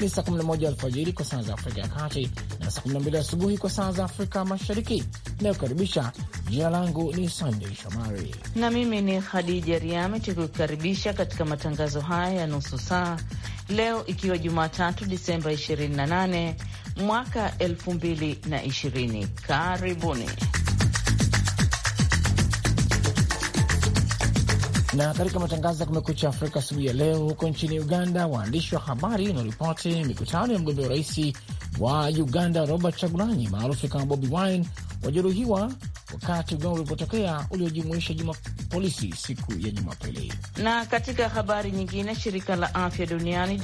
ni saa 11 alfajiri kwa saa za Afrika ya Kati na saa 12 asubuhi kwa saa za Afrika Mashariki. Inayokaribisha, jina langu ni Sandey Shomari na mimi ni Khadija Riami, tukikukaribisha katika matangazo haya ya nusu saa leo, ikiwa Jumatatu Disemba 28 mwaka 2020. Karibuni. Na katika matangazo ya Kumekucha Afrika asubuhi ya leo, huko nchini Uganda, waandishi wa habari wanaripoti mikutano ya mgombea urais wa Uganda Robert Chagulanyi maarufu kama Bobi Wine wajeruhiwa wakati ugao ulipotokea uliojumuisha juma polisi siku ya Jumapili. Na katika habari nyingine, shirika la afya duniani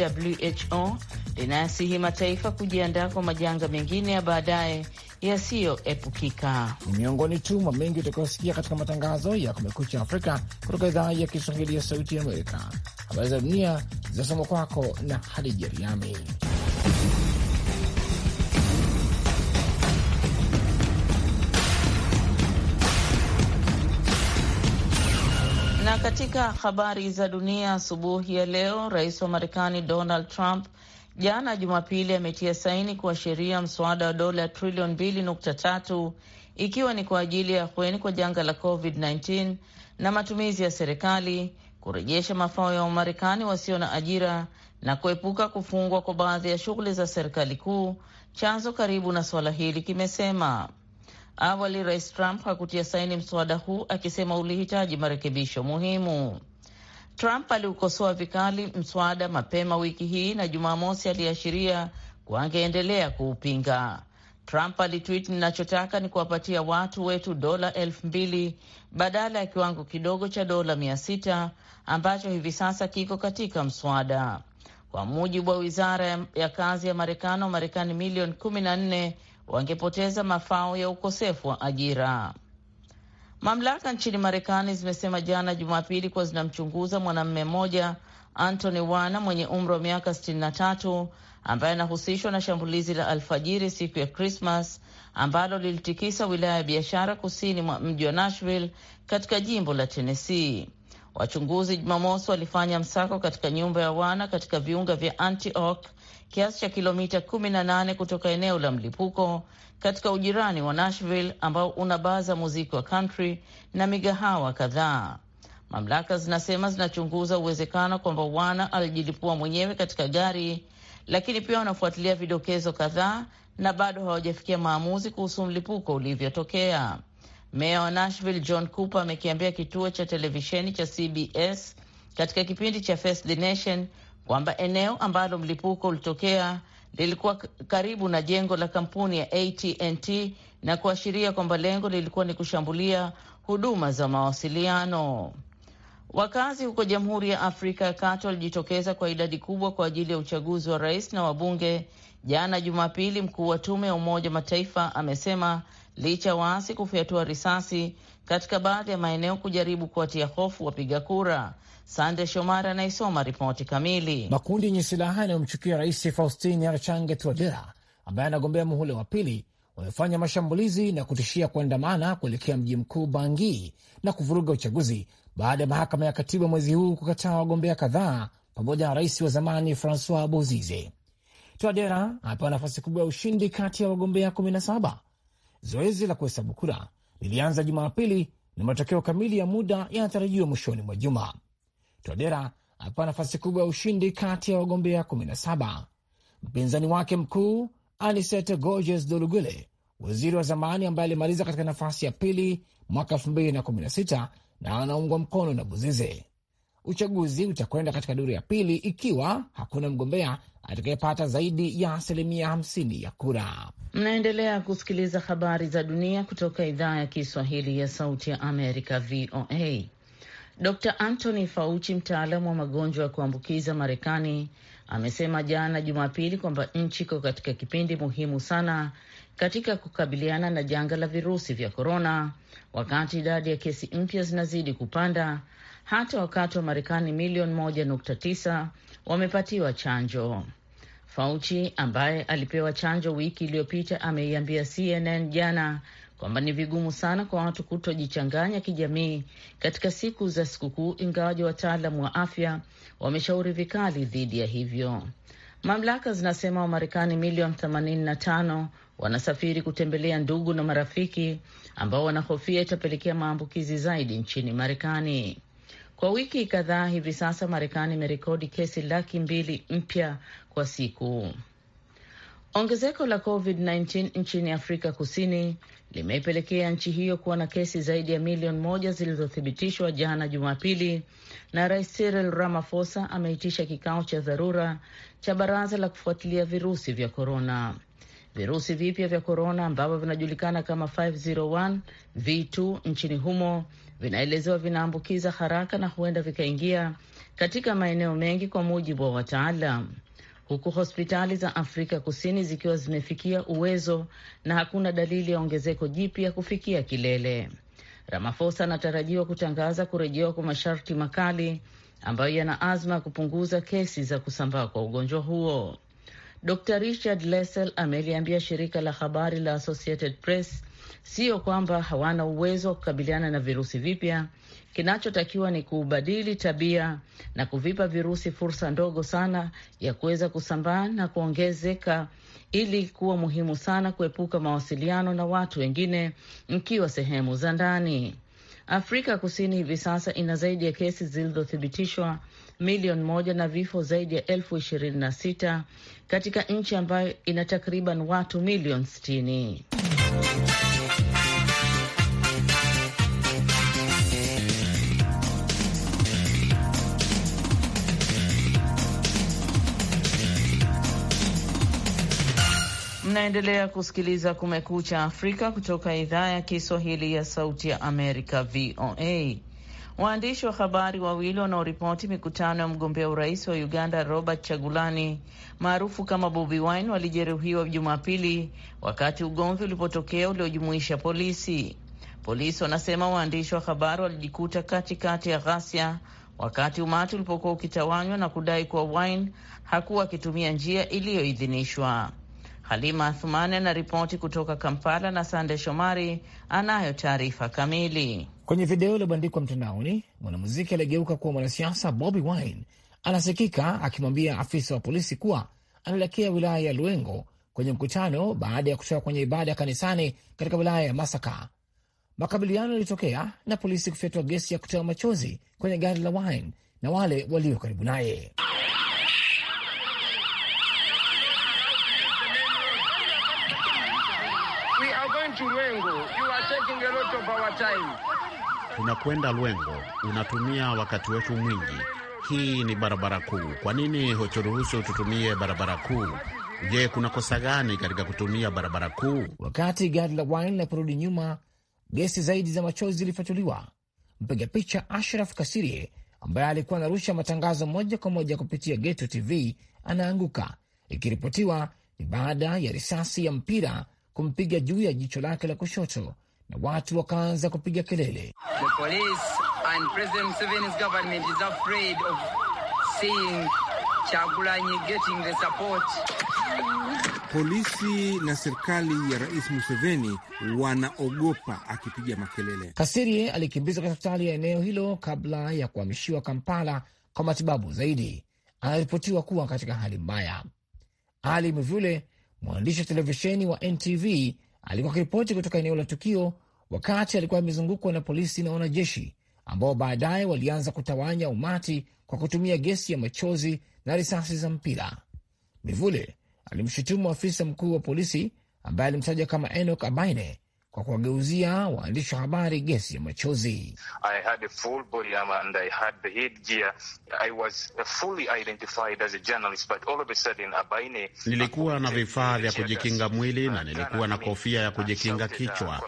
WHO linayasihi mataifa kujiandaa kwa majanga mengine ya baadaye yasiyoepukika. Miongoni tu mwa mengi utakayosikia katika matangazo ya Kumekucha Afrika kutoka idhaa ya Kiswahili ya Sauti ya Amerika. Habari za dunia zinasoma kwako na Hadija Riami. Na katika habari za dunia asubuhi ya leo, rais wa Marekani Donald Trump jana Jumapili ametia saini kuwa sheria mswada wa dola trilioni mbili nukta tatu ikiwa ni kwa ajili ya ahueni kwa janga la COVID-19 na matumizi ya serikali kurejesha mafao ya Wamarekani wasio na ajira na kuepuka kufungwa kwa baadhi ya shughuli za serikali kuu. Chanzo karibu na suala hili kimesema awali Rais Trump hakutia saini mswada huu akisema ulihitaji marekebisho muhimu. Trump aliukosoa vikali mswada mapema wiki hii na Jumamosi aliashiria kuwa angeendelea kuupinga. Trump alitwit, ninachotaka ni kuwapatia watu wetu dola elfu mbili badala ya kiwango kidogo cha dola mia sita ambacho hivi sasa kiko katika mswada. Kwa mujibu wa wizara ya kazi ya Marekani, marekani milioni kumi na nne wangepoteza mafao ya ukosefu wa ajira. Mamlaka nchini Marekani zimesema jana Jumapili kuwa zinamchunguza mwanamume mmoja Anthony Wana mwenye umri wa miaka 63 ambaye anahusishwa na shambulizi la alfajiri siku ya Krismas ambalo lilitikisa wilaya ya biashara kusini mwa mji wa Nashville katika jimbo la Tennessee. Wachunguzi Jumamosi walifanya msako katika nyumba ya wana katika viunga vya Antioch, kiasi cha kilomita 18 kutoka eneo la mlipuko katika ujirani wa Nashville ambao una baa za muziki wa country na migahawa kadhaa. Mamlaka zinasema zinachunguza uwezekano kwamba wana alijilipua mwenyewe katika gari, lakini pia wanafuatilia vidokezo kadhaa na bado hawajafikia maamuzi kuhusu mlipuko ulivyotokea. Meya wa Nashville John Cooper amekiambia kituo cha televisheni cha CBS katika kipindi cha Face the Nation kwamba eneo ambalo mlipuko ulitokea lilikuwa karibu na jengo la kampuni ya AT&T na kuashiria kwamba lengo lilikuwa ni kushambulia huduma za mawasiliano. Wakazi huko Jamhuri ya Afrika ya Kati walijitokeza kwa idadi kubwa kwa ajili ya uchaguzi wa rais na wabunge jana Jumapili. Mkuu wa tume ya Umoja Mataifa amesema licha ya waasi kufyatua risasi katika baadhi ya maeneo kujaribu kuwatia hofu wapiga kura. Sande Shomari anaisoma ripoti kamili. Makundi yenye silaha yanayomchukia Rais Faustin Archange Touadera ambaye anagombea muhula wa pili wamefanya mashambulizi na kutishia kuandamana kuelekea mji mkuu Bangi na kuvuruga uchaguzi baada ya mahakama ya katiba mwezi huu kukataa wagombea kadhaa pamoja na rais wa zamani Francois Bozize. Touadera amepewa nafasi kubwa ya ushindi kati ya wagombea 17 Zoezi la kuhesabu kura lilianza Jumapili na matokeo kamili ya muda yanatarajiwa mwishoni mwa juma. Todera alipata nafasi kubwa ya ushindi kati ya wagombea 17. Mpinzani wake mkuu Anisete Gorges Doluguele, waziri wa zamani ambaye alimaliza katika nafasi ya pili mwaka 2016 na anaungwa mkono na Buzize uchaguzi utakwenda katika duru ya pili ikiwa hakuna mgombea atakayepata zaidi ya asilimia hamsini ya kura. Mnaendelea kusikiliza habari za dunia kutoka idhaa ya Kiswahili ya Sauti ya Amerika, VOA. Dr Anthony Fauci, mtaalamu wa magonjwa ya kuambukiza Marekani, amesema jana Jumapili kwamba nchi iko katika kipindi muhimu sana katika kukabiliana na janga la virusi vya korona, wakati idadi ya kesi mpya zinazidi kupanda hata wakati wa Marekani milioni moja wamepatiwa chanjo. Fauci ambaye alipewa chanjo wiki iliyopita ameiambia CNN jana kwamba ni vigumu sana kwa watu kutojichanganya kijamii katika siku za sikukuu, ingawaji wataalam wa afya wameshauri vikali dhidi ya hivyo. Mamlaka zinasema Wamarekani milioni 85 wanasafiri kutembelea ndugu na marafiki ambao wanahofia itapelekea maambukizi zaidi nchini Marekani. Kwa wiki kadhaa hivi sasa, Marekani imerekodi kesi laki mbili mpya kwa siku. Ongezeko la COVID-19 nchini Afrika Kusini limeipelekea nchi hiyo kuwa na kesi zaidi ya milioni moja zilizothibitishwa jana Jumapili, na Rais Cyril Ramaphosa ameitisha kikao cha dharura cha baraza la kufuatilia virusi vya korona virusi vipya vya korona ambavyo vinajulikana kama 501 V2 nchini humo vinaelezewa vinaambukiza haraka na huenda vikaingia katika maeneo mengi, kwa mujibu wa wataalam, huku hospitali za Afrika Kusini zikiwa zimefikia uwezo na hakuna dalili ya ongezeko jipya kufikia kilele. Ramaphosa anatarajiwa kutangaza kurejewa kwa masharti makali ambayo yana azma ya kupunguza kesi za kusambaa kwa ugonjwa huo. Dr Richard Lessel ameliambia shirika la habari la Associated Press sio kwamba hawana uwezo wa kukabiliana na virusi vipya. Kinachotakiwa ni kuubadili tabia na kuvipa virusi fursa ndogo sana ya kuweza kusambaa na kuongezeka, ili kuwa muhimu sana kuepuka mawasiliano na watu wengine mkiwa sehemu za ndani. Afrika Kusini hivi sasa ina zaidi ya kesi zilizothibitishwa milioni moja na vifo zaidi ya elfu ishirini na sita katika nchi ambayo ina takriban watu milioni sitini. Mnaendelea kusikiliza Kumekucha Afrika kutoka idhaa ya Kiswahili ya Sauti ya Amerika, VOA. Waandishi wa habari wawili wanaoripoti mikutano ya mgombea urais wa Uganda Robert Chagulani maarufu kama Bobi Wine walijeruhiwa Jumapili wakati ugomvi ulipotokea uliojumuisha polisi. Polisi wanasema waandishi wa habari walijikuta katikati ya ghasia wakati umati ulipokuwa ukitawanywa na kudai kuwa Wine hakuwa akitumia njia iliyoidhinishwa. Halima Athumani anaripoti kutoka Kampala na Sande Shomari anayo taarifa kamili. Kwenye video iliyobandikwa mtandaoni, mwanamuziki aliyegeuka kuwa mwanasiasa Bobi Wine anasikika akimwambia afisa wa polisi kuwa anaelekea wilaya ya Luengo kwenye mkutano baada ya kutoka kwenye ibada kanisani katika wilaya ya Masaka. Makabiliano yalitokea na polisi kufyatua gesi ya kutoa machozi kwenye gari la Wine na wale walio karibu naye. to Lwengo. You are taking a lot of our time. Tunakwenda Lwengo, unatumia wakati wetu mwingi. Hii ni barabara kuu. Kwa nini huturuhusu tutumie barabara kuu? Je, kuna kosa gani katika kutumia barabara kuu? Wakati gari la Wine linaporudi nyuma, gesi zaidi za machozi zilifatuliwa. Mpiga picha Ashraf Kasirie ambaye alikuwa anarusha matangazo moja kwa moja kupitia Geto TV anaanguka, ikiripotiwa ni baada ya risasi ya mpira kumpiga juu ya jicho lake la kushoto na watu wakaanza kupiga kelele. Polisi na serikali ya Rais Museveni wanaogopa akipiga makelele. kasirie alikimbizwa katika hospitali ya eneo hilo kabla ya kuhamishiwa Kampala kwa matibabu zaidi. Anaripotiwa kuwa katika hali mbaya. Ali Mvule Mwandishi wa televisheni wa NTV alikuwa akiripoti kutoka eneo la tukio, wakati alikuwa amezungukwa na polisi na wanajeshi ambao baadaye walianza kutawanya umati kwa kutumia gesi ya machozi na risasi za mpira. Mivule alimshutumu afisa mkuu wa polisi ambaye alimtaja kama Enok Abaine kwa kuwageuzia waandishi wa habari gesi ya machozi. Nilikuwa na vifaa vya kujikinga mwili na nilikuwa na kofia ya kujikinga uh, kichwa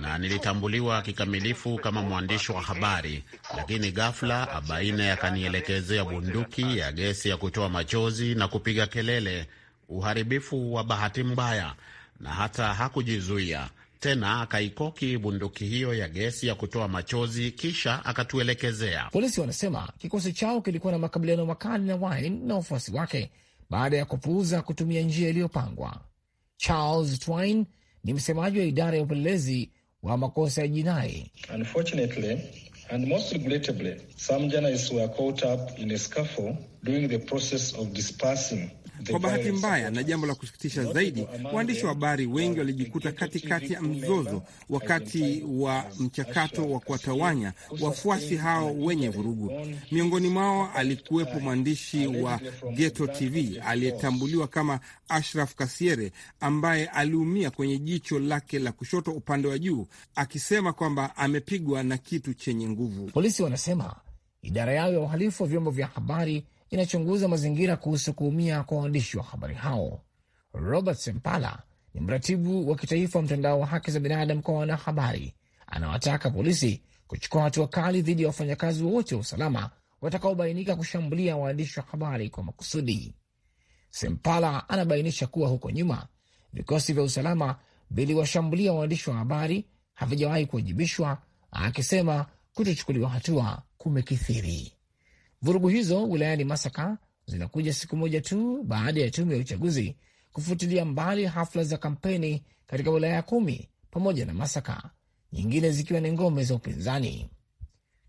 na nilitambuliwa kikamilifu kama mwandishi wa habari, lakini ghafla Abaine akanielekezea bunduki ya gesi ya kutoa machozi na kupiga kelele, uharibifu wa bahati mbaya, na hata hakujizuia tena akaikoki bunduki hiyo ya gesi ya kutoa machozi kisha akatuelekezea. Polisi wanasema kikosi chao kilikuwa na makabiliano makali na wain na wafuasi wake baada ya kupuuza kutumia njia iliyopangwa. Charles Twine ni msemaji wa idara ya upelelezi wa makosa ya jinai. Unfortunately and most regrettably some journalists were caught up in a scuffle during the process of dispersing kwa bahati mbaya na jambo la kusikitisha zaidi, waandishi wa habari wengi walijikuta katikati ya mzozo wakati wa mchakato wa kuwatawanya wafuasi hao wenye vurugu. Miongoni mwao alikuwepo uh, mwandishi wa Geto TV aliyetambuliwa kama Ashraf Kasiere ambaye aliumia kwenye jicho lake la kushoto upande wa juu, akisema kwamba amepigwa na kitu chenye nguvu. Polisi wanasema idara yao ya uhalifu wa vyombo vya habari inachunguza mazingira kuhusu kuumia kwa waandishi wa habari hao. Robert Sempala ni mratibu wa kitaifa wa mtandao wa haki za binadamu kwa wanahabari, anawataka polisi kuchukua hatua kali dhidi ya wafanyakazi wowote wa usalama watakaobainika kushambulia waandishi wa habari kwa makusudi. Sempala anabainisha kuwa huko nyuma vikosi vya usalama viliwashambulia waandishi wa habari havijawahi kuwajibishwa, akisema kutochukuliwa hatua kumekithiri. Vurugu hizo wilayani Masaka zinakuja siku moja tu baada ya tume ya uchaguzi kufutilia mbali hafla za kampeni katika wilaya kumi pamoja na Masaka, nyingine zikiwa ni ngome za upinzani.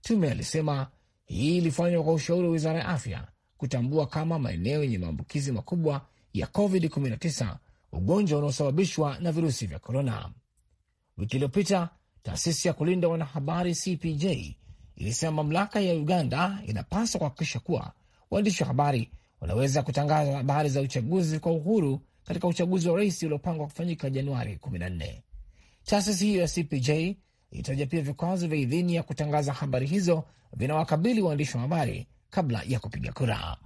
Tume alisema hii ilifanywa kwa ushauri wa wizara ya afya kutambua kama maeneo yenye maambukizi makubwa ya COVID-19, ugonjwa unaosababishwa na virusi vya korona. Wiki iliyopita taasisi ya kulinda wanahabari CPJ ilisema mamlaka ya Uganda inapaswa kuhakikisha kuwa waandishi wa habari wanaweza kutangaza habari za uchaguzi kwa uhuru katika uchaguzi wa rais uliopangwa kufanyika Januari 14. Taasisi hiyo ya CPJ ilitaja pia vikwazo vya idhini ya kutangaza habari hizo vinawakabili waandishi wa habari kabla ya kupiga kura.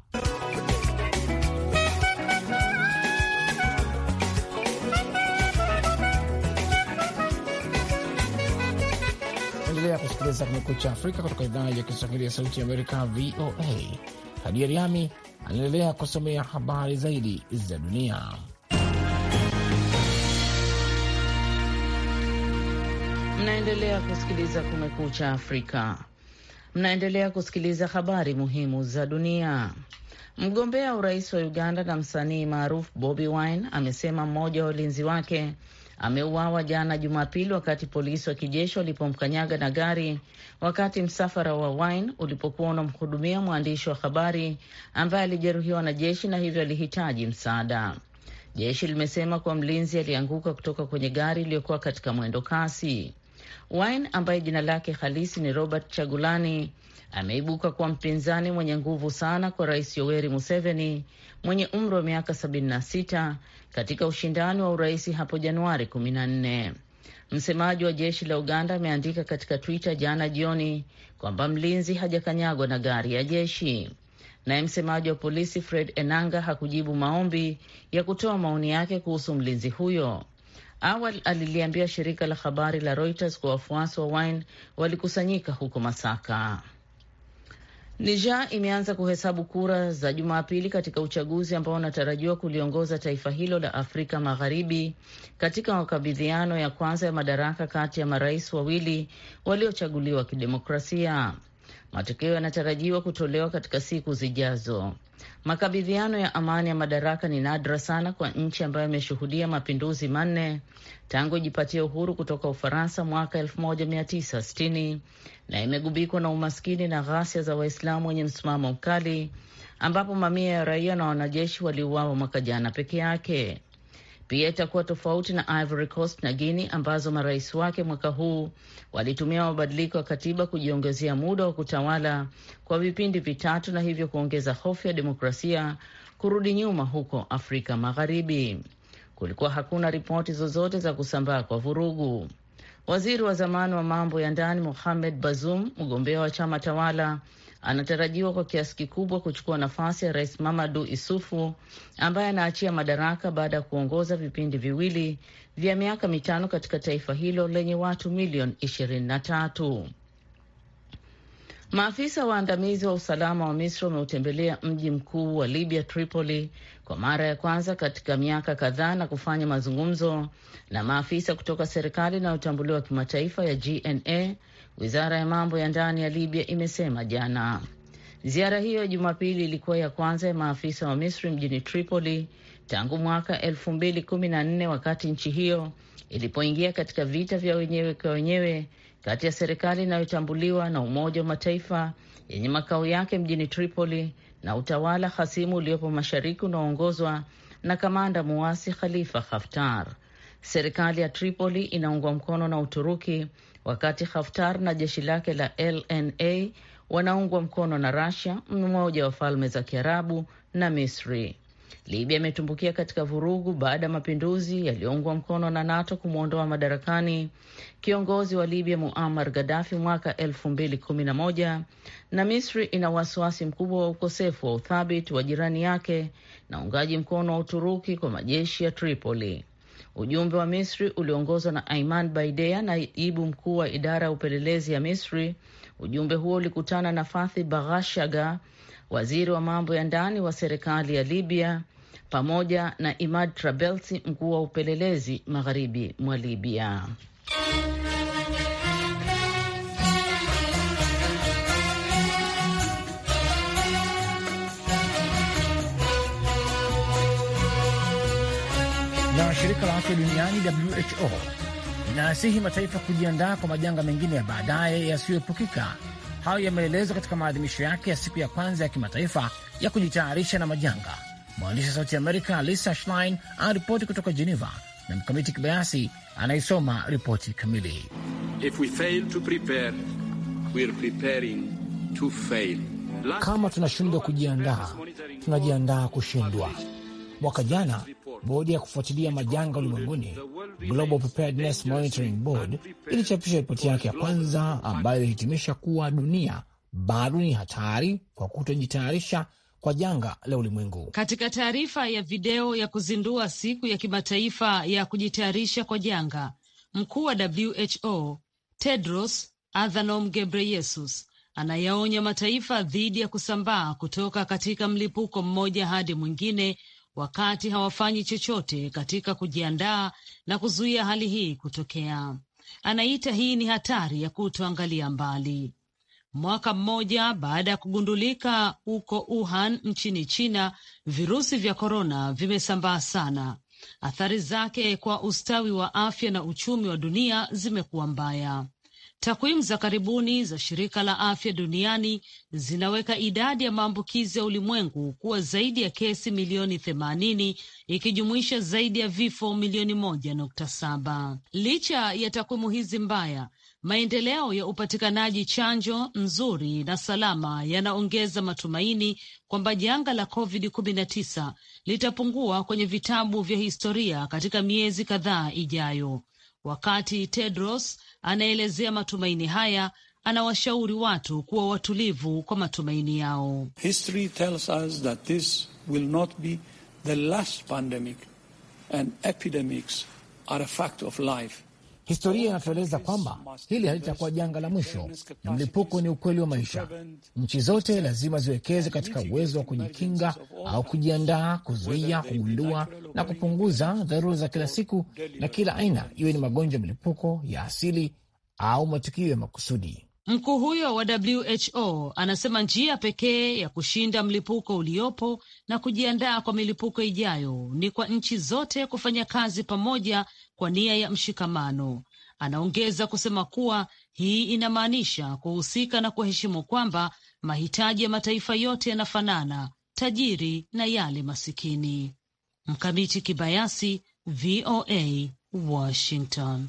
Unaendelea kusikiliza Kumekucha Afrika kutoka idhaa ya Kiswahili ya Sauti ya Amerika, VOA. Hadia Riami anaendelea kusomea habari zaidi za dunia. Mnaendelea kusikiliza Kumekucha Afrika. Mnaendelea kusikiliza habari muhimu za dunia. Mgombea urais wa Uganda na msanii maarufu Bobi Wine amesema mmoja wa ulinzi wake ameuawa jana Jumapili wakati polisi wa kijeshi walipomkanyaga na gari wakati msafara wa Wine ulipokuwa unamhudumia mwandishi wa habari ambaye alijeruhiwa na jeshi na hivyo alihitaji msaada. Jeshi limesema kuwa mlinzi alianguka kutoka kwenye gari iliyokuwa katika mwendo kasi. Wine ambaye jina lake halisi ni Robert Chagulani ameibuka kuwa mpinzani mwenye nguvu sana kwa Rais Yoweri Museveni mwenye umri wa miaka 76 katika ushindani wa urais hapo Januari 14. Msemaji wa jeshi la Uganda ameandika katika Twitter jana jioni kwamba mlinzi hajakanyagwa na gari ya jeshi. Naye msemaji wa polisi Fred Enanga hakujibu maombi ya kutoa maoni yake kuhusu mlinzi huyo. Awali aliliambia shirika la habari la Reuters kwa wafuasi wa Wine walikusanyika huko Masaka. Niger imeanza kuhesabu kura za Jumapili katika uchaguzi ambao unatarajiwa kuliongoza taifa hilo la Afrika Magharibi katika makabidhiano ya kwanza ya madaraka kati ya marais wawili waliochaguliwa kidemokrasia. Matokeo yanatarajiwa kutolewa katika siku zijazo. Makabidhiano ya amani ya madaraka ni nadra sana kwa nchi ambayo imeshuhudia mapinduzi manne tangu ijipatia uhuru kutoka Ufaransa mwaka 1960 na imegubikwa na umaskini na ghasia za Waislamu wenye msimamo mkali ambapo mamia ya raia na wanajeshi waliuawa mwaka jana peke yake pia itakuwa tofauti na Ivory Coast na Guini ambazo marais wake mwaka huu walitumia mabadiliko ya katiba kujiongezea muda wa kutawala kwa vipindi vitatu na hivyo kuongeza hofu ya demokrasia kurudi nyuma huko Afrika Magharibi. Kulikuwa hakuna ripoti zozote za kusambaa kwa vurugu. Waziri wa zamani wa mambo ya ndani Mohamed Bazoum, mgombea wa chama tawala, anatarajiwa kwa kiasi kikubwa kuchukua nafasi ya Rais Mamadu Isufu ambaye anaachia madaraka baada ya kuongoza vipindi viwili vya miaka mitano katika taifa hilo lenye watu milioni ishirini na tatu. Maafisa waandamizi wa usalama wa Misri wameutembelea mji mkuu wa Libya, Tripoli, kwa mara ya kwanza katika miaka kadhaa na kufanya mazungumzo na maafisa kutoka serikali inayotambuliwa kimataifa ya GNA wizara ya mambo ya ndani ya Libya imesema jana. Ziara hiyo ya Jumapili ilikuwa ya kwanza ya maafisa wa Misri mjini Tripoli tangu mwaka elfu mbili kumi na nne wakati nchi hiyo ilipoingia katika vita vya wenyewe kwa wenyewe kati ya serikali inayotambuliwa na Umoja wa Mataifa yenye makao yake mjini Tripoli na utawala hasimu uliopo mashariki unaoongozwa na kamanda muasi Khalifa Haftar. Serikali ya Tripoli inaungwa mkono na Uturuki wakati Haftar na jeshi lake la LNA wanaungwa mkono na rasia mmoja wa falme za Kiarabu na Misri. Libya imetumbukia katika vurugu baada ya mapinduzi yaliyoungwa mkono na NATO kumwondoa madarakani kiongozi wa Libya Muammar Gaddafi mwaka 2011 na Misri ina wasiwasi mkubwa wa ukosefu wa uthabiti wa jirani yake na uungaji mkono wa Uturuki kwa majeshi ya Tripoli. Ujumbe wa Misri uliongozwa na Aiman Baidea, naibu mkuu wa idara ya upelelezi ya Misri. Ujumbe huo ulikutana na Fathi Baghashaga, waziri wa mambo ya ndani wa serikali ya Libya, pamoja na Imad Trabelsi, mkuu wa upelelezi magharibi mwa Libya. na shirika la afya duniani WHO inaasihi mataifa kujiandaa kwa majanga mengine ya baadaye yasiyoepukika. Hayo yameelezwa katika maadhimisho yake ya siku ya kwanza ya kimataifa ya kujitayarisha na majanga. Mwandishi wa Sauti Amerika Lisa Schlein anaripoti kutoka Geneva na Mkamiti Kibayasi anaisoma ripoti kamili. If we fail to prepare, preparing to fail. kama tunashindwa kujiandaa, tunajiandaa kushindwa. Mwaka jana Bodi ya kufuatilia majanga ulimwenguni, Global Preparedness Monitoring Board, ilichapisha ripoti yake ya kwanza ambayo ilihitimisha kuwa dunia bado ni hatari kwa kutojitayarisha kwa janga la ulimwengu. Katika taarifa ya video ya kuzindua siku ya kimataifa ya kujitayarisha kwa janga, mkuu wa WHO Tedros Adhanom Ghebreyesus anayaonya mataifa dhidi ya kusambaa kutoka katika mlipuko mmoja hadi mwingine wakati hawafanyi chochote katika kujiandaa na kuzuia hali hii kutokea. Anaita hii ni hatari ya kutoangalia mbali. Mwaka mmoja baada ya kugundulika huko Wuhan nchini China, virusi vya korona vimesambaa sana. Athari zake kwa ustawi wa afya na uchumi wa dunia zimekuwa mbaya. Takwimu za karibuni za shirika la afya duniani zinaweka idadi ya maambukizi ya ulimwengu kuwa zaidi ya kesi milioni themanini ikijumuisha zaidi ya vifo milioni moja nukta saba. Licha ya takwimu hizi mbaya, maendeleo ya upatikanaji chanjo nzuri na salama yanaongeza matumaini kwamba janga la COVID-19 litapungua kwenye vitabu vya historia katika miezi kadhaa ijayo. Wakati Tedros anaelezea matumaini haya, anawashauri watu kuwa watulivu kwa matumaini yao. History tells us that this will not be the last pandemic and epidemics are a fact of life. Historia inatueleza kwamba hili halitakuwa janga la mwisho, na mlipuko ni ukweli wa maisha. Nchi zote lazima ziwekeze katika uwezo wa kujikinga au kujiandaa, kuzuia, kugundua na kupunguza dharura za kila siku na kila aina, iwe ni magonjwa ya mlipuko ya asili au matukio ya makusudi. Mkuu huyo wa WHO anasema njia pekee ya kushinda mlipuko uliopo na kujiandaa kwa milipuko ijayo ni kwa nchi zote kufanya kazi pamoja kwa nia ya mshikamano. Anaongeza kusema kuwa hii inamaanisha kuhusika na kuheshimu kwamba mahitaji ya mataifa yote yanafanana, tajiri na yale masikini. Mkamiti Kibayasi, VOA, Washington.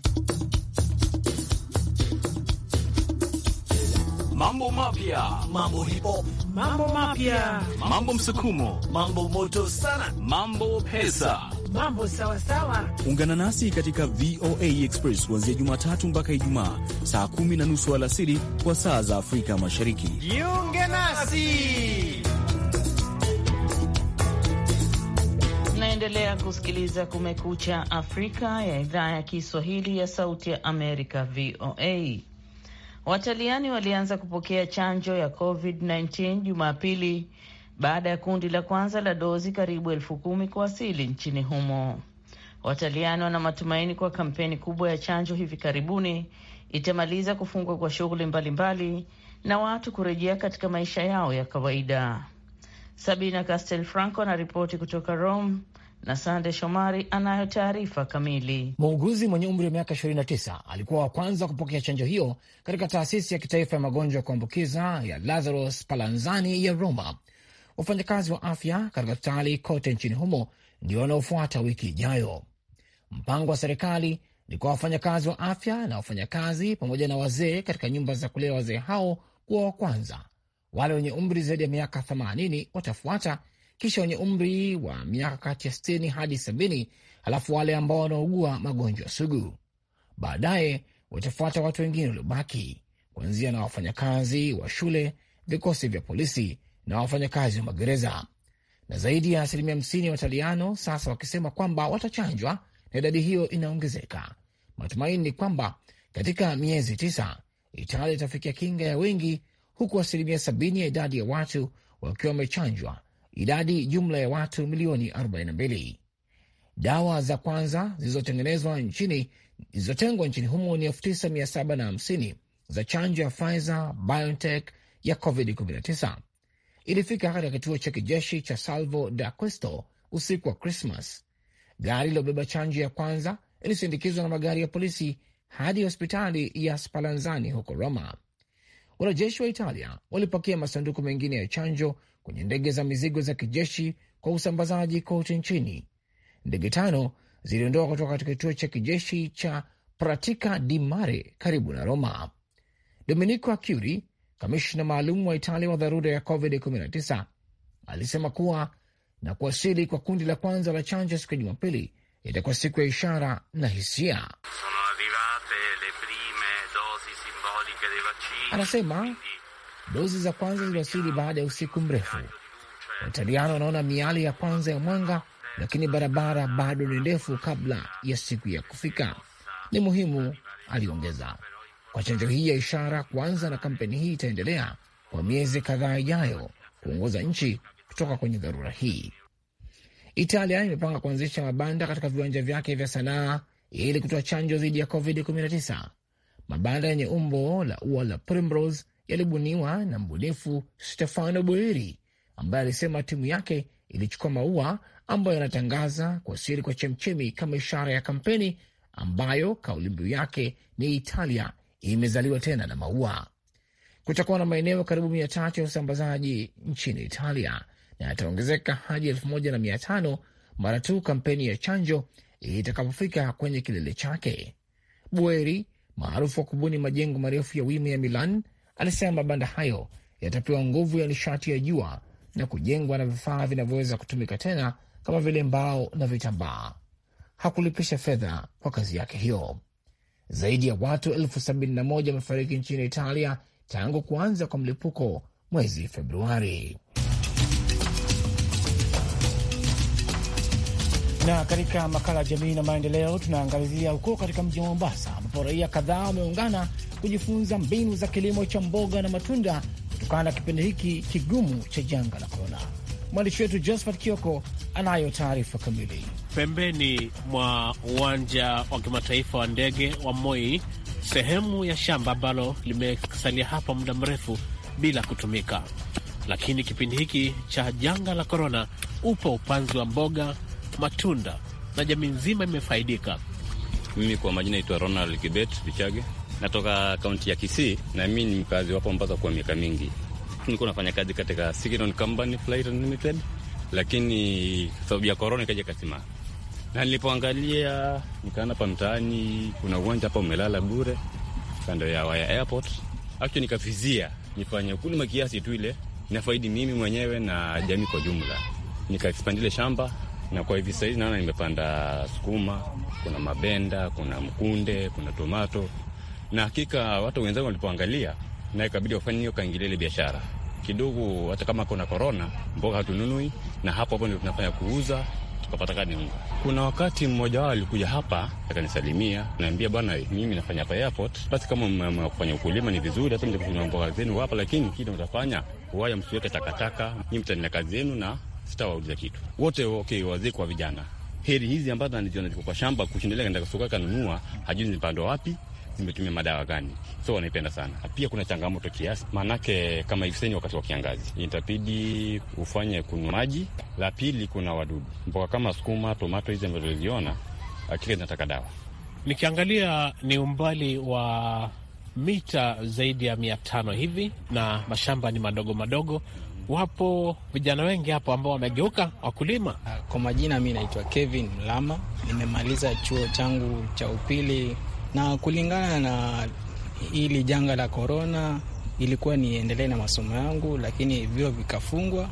mambo mapya, mambo hip hop, mambo mapya, mambo msukumo, mambo moto sana, mambo pesa, mambo sawa sawa. Ungana nasi katika VOA Express kuanzia Jumatatu mpaka Ijumaa saa kumi na nusu alasiri kwa saa za Afrika Mashariki. Jiunge nasi. Naendelea kusikiliza Kumekucha Afrika ya idhaa ya Kiswahili ya Sauti ya Amerika, VOA. Wataliani walianza kupokea chanjo ya COVID-19 Jumapili baada ya kundi la kwanza la dozi karibu elfu kumi kuwasili nchini humo. Wataliani wana matumaini kwa kampeni kubwa ya chanjo hivi karibuni itamaliza kufungwa kwa shughuli mbalimbali na watu kurejea katika maisha yao ya kawaida. Sabina Castel Franco anaripoti kutoka Rome na Sande Shomari anayo taarifa kamili. Muuguzi mwenye umri wa miaka 29 alikuwa wa kwanza kupokea chanjo hiyo katika taasisi ya kitaifa ya magonjwa ya kuambukiza ya Lazarus Palanzani ya Roma. Wafanyakazi wa afya katika hospitali kote nchini humo ndio wanaofuata wiki ijayo. Mpango wa serikali ni kwa wafanyakazi wa afya na wafanyakazi pamoja na wazee katika nyumba za kulea wazee hao kuwa wa kwanza. Wale wenye umri zaidi ya miaka 80 watafuata kisha wenye umri wa miaka kati ya sitini hadi 70, halafu wale ambao wanaugua magonjwa sugu. Baadaye watafuata watu wengine waliobaki, kuanzia na wafanyakazi wa shule, vikosi vya polisi na wafanyakazi wa magereza. Na zaidi ya asilimia 50 ya Wataliano sasa wakisema kwamba watachanjwa na idadi hiyo inaongezeka. Matumaini ni kwamba katika miezi tisa Italia itafikia kinga ya wengi, huku asilimia sabini ya idadi ya watu wakiwa wamechanjwa idadi jumla ya watu milioni 42. Dawa za kwanza zilizotengenezwa nchini zilizotengwa nchini humo ni 9750 za chanjo ya Pfizer BioNTech ya COVID-19 ilifika katika kituo cha kijeshi cha Salvo da Cristo usiku wa crismas Gari lilobeba chanjo ya kwanza ilisindikizwa na magari ya polisi hadi hospitali ya Spallanzani huko Roma. Wanajeshi wa Italia walipokea masanduku mengine ya chanjo kwenye ndege za mizigo za kijeshi kwa usambazaji kote nchini. Ndege tano ziliondoka kutoka katika kituo cha kijeshi cha Pratica di Mare karibu na Roma. Domenico acuri kamishna maalum wa Italia wa dharura ya COVID-19, alisema kuwa na kuwasili kwa kundi la kwanza la chanjo siku ya Jumapili itakuwa siku ya ishara na hisia. Anasema Dozi za kwanza ziliwasili baada ya usiku mrefu. wataliano wanaona miali ya kwanza ya mwanga, lakini barabara bado ni ndefu kabla ya siku ya kufika. Ni muhimu, aliongeza, kwa chanjo hii ya ishara kuanza, na kampeni hii itaendelea kwa miezi kadhaa ijayo kuongoza nchi kutoka kwenye dharura hii. Italia imepanga kuanzisha mabanda katika viwanja vyake vya sanaa ili kutoa chanjo dhidi ya COVID-19. Mabanda yenye umbo la ua la Primrose yalibuniwa na mbunifu Stefano Boeri ambaye alisema timu yake ilichukua maua ambayo yanatangaza kwa siri kwa chemchemi kama ishara ya kampeni ambayo kauli mbiu yake ni Italia imezaliwa tena na maua. Kutakuwa na maeneo karibu mia tatu ya usambazaji nchini Italia na yataongezeka hadi elfu moja na mia tano mara tu kampeni ya chanjo itakapofika kwenye kilele chake. Bueri maarufu wa kubuni majengo marefu ya wima ya Milan Alisema mabanda hayo yatapewa nguvu ya nishati ya jua na kujengwa na vifaa vinavyoweza kutumika tena kama vile mbao na vitambaa. Hakulipisha fedha kwa kazi yake hiyo. Zaidi ya watu elfu sabini na moja wamefariki nchini Italia tangu kuanza kwa mlipuko mwezi Februari. Na katika makala ya jamii na maendeleo, tunaangazia huko katika mji wa Mombasa, ambapo raia kadhaa wameungana kujifunza mbinu za kilimo cha mboga na matunda kutokana na kipindi hiki kigumu cha janga la korona. Mwandishi wetu Josephat Kioko anayo taarifa kamili. Pembeni mwa uwanja wa kimataifa wa ndege wa Moi, sehemu ya shamba ambalo limesalia hapa muda mrefu bila kutumika, lakini kipindi hiki cha janga la korona, upo upanzi wa mboga matunda na jamii nzima imefaidika. Mimi kwa majina naitwa Ronald Kibet Vichage, natoka kaunti ya Kisii na mimi ni mkazi wapo Mombasa kwa miaka mingi. Nilikuwa nafanya kazi katika Signal Company Flight Limited, lakini sababu ya korona ikaja kasima, na nilipoangalia nikaona hapa mtaani kuna uwanja hapa umelala bure kando ya Waya Airport, acho nikafizia nifanye ukulima kiasi tu ile nafaidi mimi mwenyewe na jamii kwa jumla, nikaexpandile shamba na kwa hivi sahizi naona nimepanda sukuma, kuna mabenda, kuna mkunde, kuna tomato, na hakika watu wenzangu walipoangalia, na ikabidi wafanye hiyo kaingilia ile biashara kidogo, hata kama kuna korona, mboga hatununui, na hapo hapo ndio tunafanya kuuza tukapata kadi unga. Kuna wakati mmoja wao alikuja hapa akanisalimia, naambia bwana, mimi nafanya hapa airport, basi kama mmeamua kufanya ukulima ni vizuri, hata mtakunua mboga zenu hapa, lakini kile mtafanya waya, msiweke takataka, nyi mtaendelea kazi yenu na sitawauliza kitu wote. Okay, wazee kwa vijana, heri hizi ambazo anaziona ziko kwa shamba kushindelea kaenda sokoni kanunua, hajui zimepandwa wapi zimetumia madawa gani, so wanaipenda sana. Pia kuna changamoto kiasi, maanake kama hivi sasa wakati wa kiangazi itabidi ufanye kunywa maji. La pili, kuna wadudu mboga kama sukuma, tomato hizi ambazo uliziona, akili ah, zinataka dawa. Nikiangalia ni umbali wa mita zaidi ya mia tano hivi na mashamba ni madogo madogo wapo vijana wengi hapo ambao wamegeuka wakulima. Ah, kwa majina, mi naitwa Kevin Mlama, nimemaliza chuo changu cha upili, na kulingana na hili janga la korona, ilikuwa niendelee na masomo yangu, lakini vyuo vikafungwa.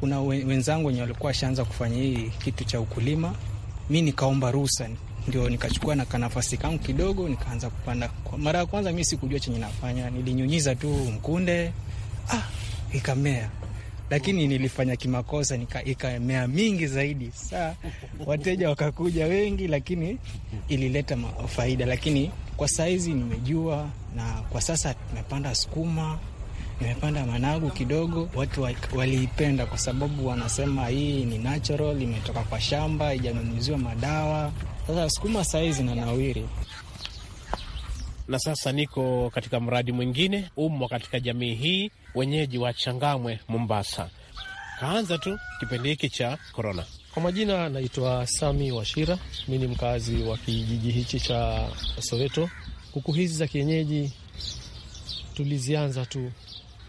Kuna wenzangu wenye walikuwa washaanza kufanya hii kitu cha ukulima, mi nikaomba ruhusa ndio nikachukua na kanafasi kangu kidogo, nikaanza kupanda. Mara ya kwanza mi sikujua chenye nafanya, nilinyunyiza tu mkunde, ah, ikamea lakini nilifanya kimakosa, ikamea mingi zaidi. Saa wateja wakakuja wengi, lakini ilileta faida. Lakini kwa saizi nimejua, na kwa sasa tumepanda sukuma nimepanda managu kidogo. Watu waliipenda kwa sababu wanasema hii ni natural, imetoka kwa shamba, ijanunuziwa madawa. Sasa sukuma na nawiri Na sasa niko katika mradi mwingine umo katika jamii hii wenyeji wa Changamwe, Mombasa. Kaanza tu kipindi hiki cha korona. Kwa majina naitwa Sami Washira, mi ni mkazi wa kijiji hichi cha Soweto. Kuku hizi za kienyeji tulizianza tu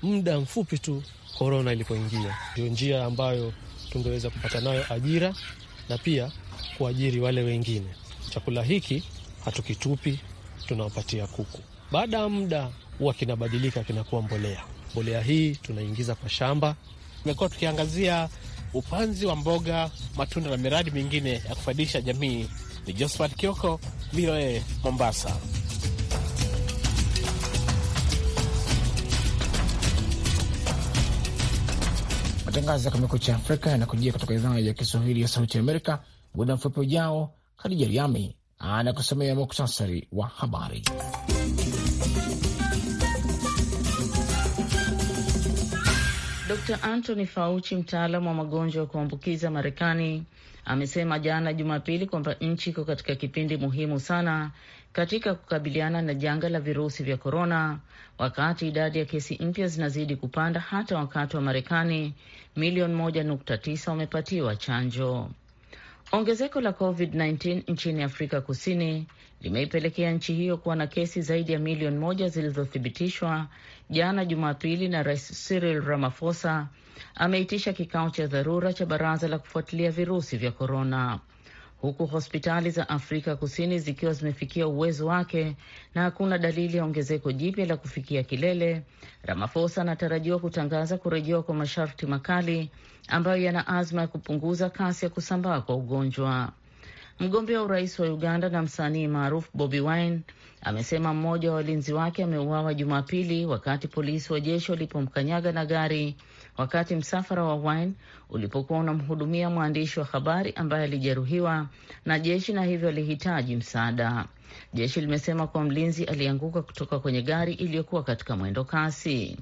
muda mfupi tu korona ilipoingia, ndio njia ambayo tungeweza kupata nayo ajira na pia kuajiri wale wengine. Chakula hiki hatukitupi, tunawapatia kuku. Baada ya muda huwa kinabadilika, kinakuwa mbolea. Mbolea hii tunaingiza kwa shamba. Tumekuwa tukiangazia upanzi wa mboga, matunda na miradi mingine ya kufaidisha jamii. Ni Josephat Kioko, VOA Mombasa. Matangazo ya Kumekucha Afrika yanakujia kutoka idhaa ya Kiswahili ya Sauti Amerika. Muda mfupi ujao, Khadija Riami anakusomea muktasari wa habari. Dr. Anthony Fauci, mtaalamu wa magonjwa ya kuambukiza Marekani, amesema jana Jumapili kwamba nchi iko katika kipindi muhimu sana katika kukabiliana na janga la virusi vya korona, wakati idadi ya kesi mpya zinazidi kupanda, hata wakati wa Marekani milioni 1.9 wamepatiwa chanjo. Ongezeko la COVID-19 nchini Afrika Kusini limeipelekea nchi hiyo kuwa na kesi zaidi ya milioni moja zilizothibitishwa jana Jumapili, na Rais Cyril Ramaphosa ameitisha kikao cha dharura cha baraza la kufuatilia virusi vya korona huku hospitali za Afrika Kusini zikiwa zimefikia uwezo wake na hakuna dalili ya ongezeko jipya la kufikia kilele, Ramaphosa anatarajiwa kutangaza kurejewa kwa masharti makali ambayo yana azma ya kupunguza kasi ya kusambaa kwa ugonjwa. Mgombea wa urais wa Uganda na msanii maarufu Bobi Wine amesema mmoja wa walinzi wake ameuawa Jumapili wakati polisi wa jeshi walipomkanyaga na gari wakati msafara wa Wine ulipokuwa unamhudumia mwandishi wa habari ambaye alijeruhiwa na jeshi na hivyo alihitaji msaada. Jeshi limesema kuwa mlinzi alianguka kutoka kwenye gari iliyokuwa katika mwendo kasi.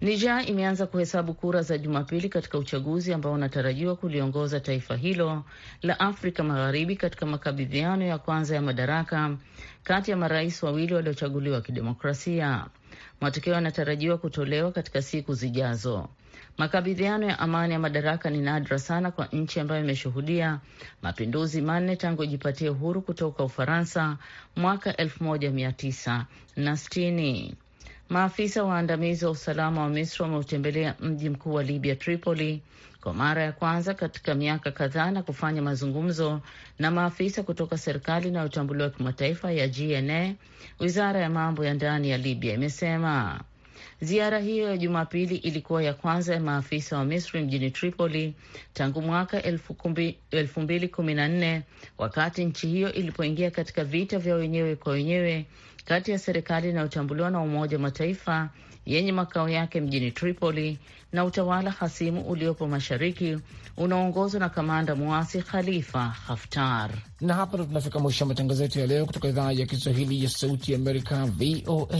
Niger imeanza kuhesabu kura za Jumapili katika uchaguzi ambao unatarajiwa kuliongoza taifa hilo la Afrika Magharibi katika makabidhiano ya kwanza ya madaraka kati ya marais wawili waliochaguliwa kidemokrasia. Matokeo yanatarajiwa kutolewa katika siku zijazo. Makabidhiano ya amani ya madaraka ni nadra sana kwa nchi ambayo imeshuhudia mapinduzi manne tangu ijipatie uhuru kutoka Ufaransa mwaka elfu mia na Maafisa waandamizi wa usalama wa Misri wameutembelea mji mkuu wa Libya, Tripoli, kwa mara ya kwanza katika miaka kadhaa na kufanya mazungumzo na maafisa kutoka serikali inayotambuliwa kimataifa ya GNA. Wizara ya mambo ya ndani ya Libya imesema Ziara hiyo ya Jumapili ilikuwa ya kwanza ya maafisa wa Misri mjini Tripoli tangu mwaka elfu mbili kumi na nne wakati nchi hiyo ilipoingia katika vita vya wenyewe kwa wenyewe kati ya serikali inayotambuliwa na Umoja wa Mataifa yenye makao yake mjini Tripoli na utawala hasimu uliopo mashariki unaoongozwa na kamanda mwasi Khalifa Haftar. Na hapa ndo tunafika mwisho wa matangazo yetu ya leo kutoka idhaa ya Kiswahili ya Sauti ya Amerika, VOA.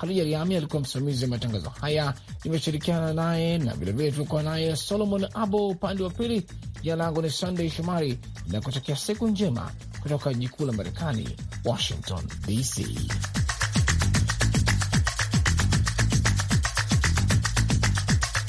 Khadija Riami alikuwa msimamizi wa matangazo haya, imeshirikiana naye na vilevile tulikuwa naye Solomon Abo upande wa pili. Jina langu ni sandey Shomari na kutokea siku njema kutoka jikuu la Marekani, Washington DC.